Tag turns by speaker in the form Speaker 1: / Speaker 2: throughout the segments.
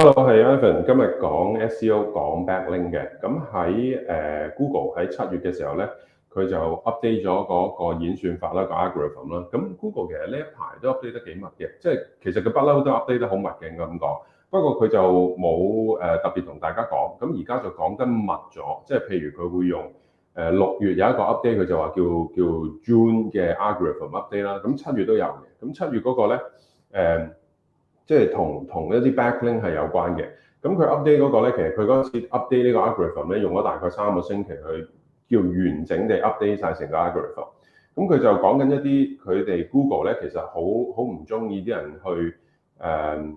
Speaker 1: hello，我係 Evan，今日講 SEO 講 backlink 嘅。咁喺誒 Google 喺七月嘅時候咧，佢就 update 咗嗰個演算法啦，個 algorithm 啦。咁 Google 其實呢一排都 update 得幾密嘅，即係其實佢不嬲都 update 得好密嘅，應該咁講。不過佢就冇誒特別同大家講。咁而家就講得密咗，即係譬如佢會用誒六月有一個 update, update，佢就話叫叫 June 嘅 algorithm update 啦。咁七月都有嘅。咁七月嗰個咧誒。嗯即係同同一啲 backlink 係有關嘅，咁佢 update 嗰個咧，其實佢嗰陣時 update 呢個 algorithm 咧，用咗大概三個星期去叫完整地 update 晒成個 algorithm。咁佢就講緊一啲佢哋 Google 咧，其實好好唔中意啲人去誒、嗯、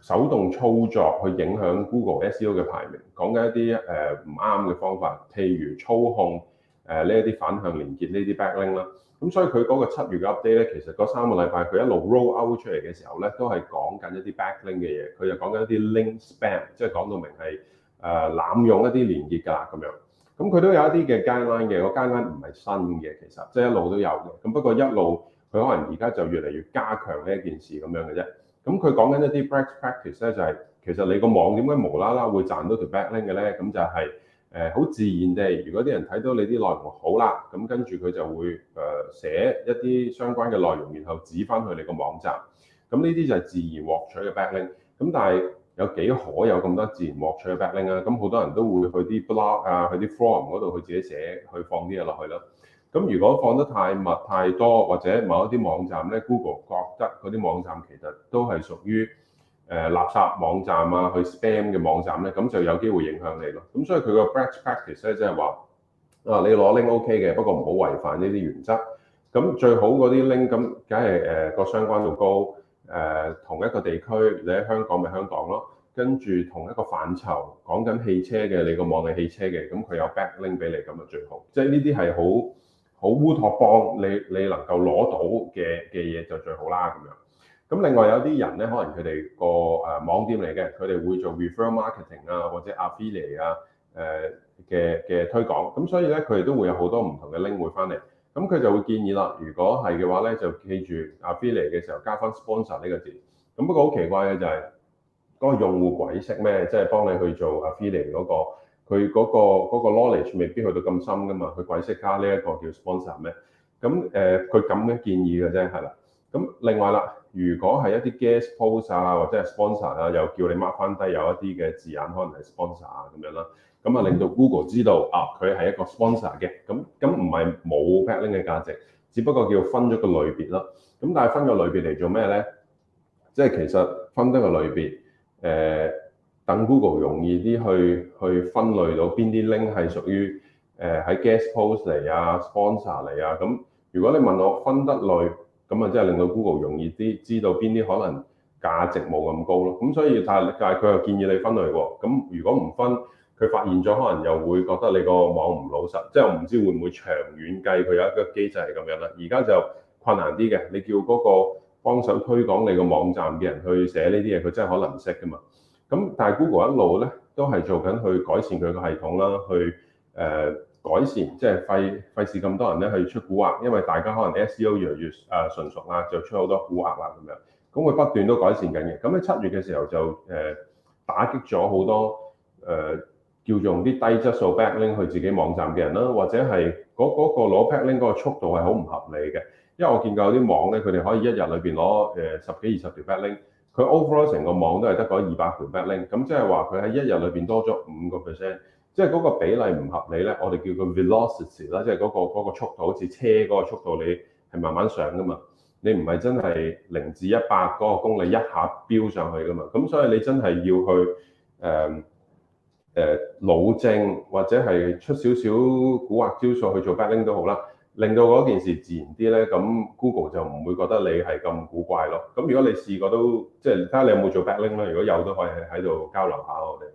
Speaker 1: 手動操作去影響 Google SEO 嘅排名，講緊一啲誒唔啱嘅方法，譬如操控。誒呢一啲反向連結呢啲 backlink 啦，咁所以佢嗰個七月嘅 update 咧，其實嗰三個禮拜佢一路 roll out 出嚟嘅時候咧，都係講緊一啲 backlink 嘅嘢，佢就講緊一啲 link spam，即係講到明係誒濫用一啲連結㗎啦咁樣。咁佢都有一啲嘅 guideline 嘅，個 guideline 唔係新嘅，其實即係、就是、一路都有嘅。咁不過一路佢可能而家就越嚟越加強呢一件事咁樣嘅啫。咁佢講緊一啲 best practice 咧、就是，就係其實你個網點解無啦啦會賺到條 backlink 嘅咧？咁就係、是。誒好自然地，如果啲人睇到你啲內容好啦，咁跟住佢就會誒寫一啲相關嘅內容，然後指翻去你個網站。咁呢啲就係自然獲取嘅 backlink。咁但係有幾可有咁多自然獲取嘅 backlink 啊？咁好多人都會去啲 blog 啊，去啲 forum 嗰度去自己寫，去放啲嘢落去咯。咁如果放得太密太多，或者某一啲網站呢，Google 覺得嗰啲網站其實都係屬於，誒垃圾網站啊，去 spam 嘅網站咧，咁就有機會影響你咯。咁所以佢個 best practice 咧，即係話啊，你攞 link OK 嘅，不過唔好違反呢啲原則。咁最好嗰啲 link，咁梗係誒個相關度高。誒、呃、同一個地區，你喺香港咪香港咯，跟住同一個範疇講緊汽車嘅，你個網係汽車嘅，咁佢有 back link 俾你，咁就最好。即係呢啲係好好烏托邦，你你能夠攞到嘅嘅嘢就最好啦，咁樣。咁另外有啲人咧，可能佢哋個誒網店嚟嘅，佢哋會做 referral marketing 啊，或者 affiliate 啊誒嘅嘅推廣。咁所以咧，佢哋都會有好多唔同嘅 link 會翻嚟。咁佢就會建議啦，如果係嘅話咧，就記住 affiliate 嘅時候加翻 sponsor 呢個字。咁不過好奇怪嘅就係嗰個用戶鬼識咩，即係幫你去做 affiliate 嗰個佢嗰個嗰個 knowledge 未必去到咁深噶嘛，佢鬼識加呢一個叫 sponsor 咩？咁誒佢咁樣建議嘅啫，係啦。咁另外啦。如果係一啲 guest poster 啊或者 sponsor 啊，又叫你 mark 翻低有一啲嘅字眼，可能係 sponsor 啊，咁樣啦，咁啊令到 Google 知道啊，佢係一個 sponsor 嘅，咁咁唔係冇 backlink 嘅價值，只不過叫分咗個類別啦。咁但係分個類別嚟做咩咧？即、就、係、是、其實分得個類別，誒、呃、等 Google 容易啲去去分類到邊啲 link 係屬於誒喺、呃、guest poster 嚟啊 sponsor 嚟啊咁。如果你問我分得類？咁啊，即係令到 Google 容易啲知道邊啲可能價值冇咁高咯。咁所以，但係但係佢又建議你分類喎。咁如果唔分，佢發現咗可能又會覺得你個網唔老實。即係我唔知會唔會長遠計，佢有一個機制係咁樣啦。而家就困難啲嘅，你叫嗰個幫手推廣你個網站嘅人去寫呢啲嘢，佢真係可能唔識㗎嘛。咁但係 Google 一路咧都係做緊去改善佢個系統啦，去誒。呃改善，即係費費事咁多人咧去出蠱惑，因為大家可能 SEO 越嚟越誒純熟啦，就出好多蠱惑啦咁樣，咁佢不斷都改善緊嘅。咁喺七月嘅時候就誒、呃、打擊咗好多誒、呃、叫做啲低質素 backlink 去自己網站嘅人啦，或者係嗰、嗰個攞 backlink 嗰個 back 速度係好唔合理嘅，因為我見過有啲網咧，佢哋可以一日裏邊攞誒十幾二十條 backlink，佢 over 咗成個網都係得嗰二百條 backlink，咁即係話佢喺一日裏邊多咗五個 percent。即係嗰個比例唔合理咧，我哋叫佢 velocity 啦，即係嗰個速度，好似車嗰個速度，你係慢慢上㗎嘛，你唔係真係零至一百嗰個公里一下飆上去㗎嘛，咁所以你真係要去誒誒、嗯嗯、老正或者係出少少古惑招數去做 backlink 都好啦，令到嗰件事自然啲咧，咁 Google 就唔會覺得你係咁古怪咯。咁如果你試過都即係睇下你有冇做 backlink 啦，如果有都可以喺度交流下我哋。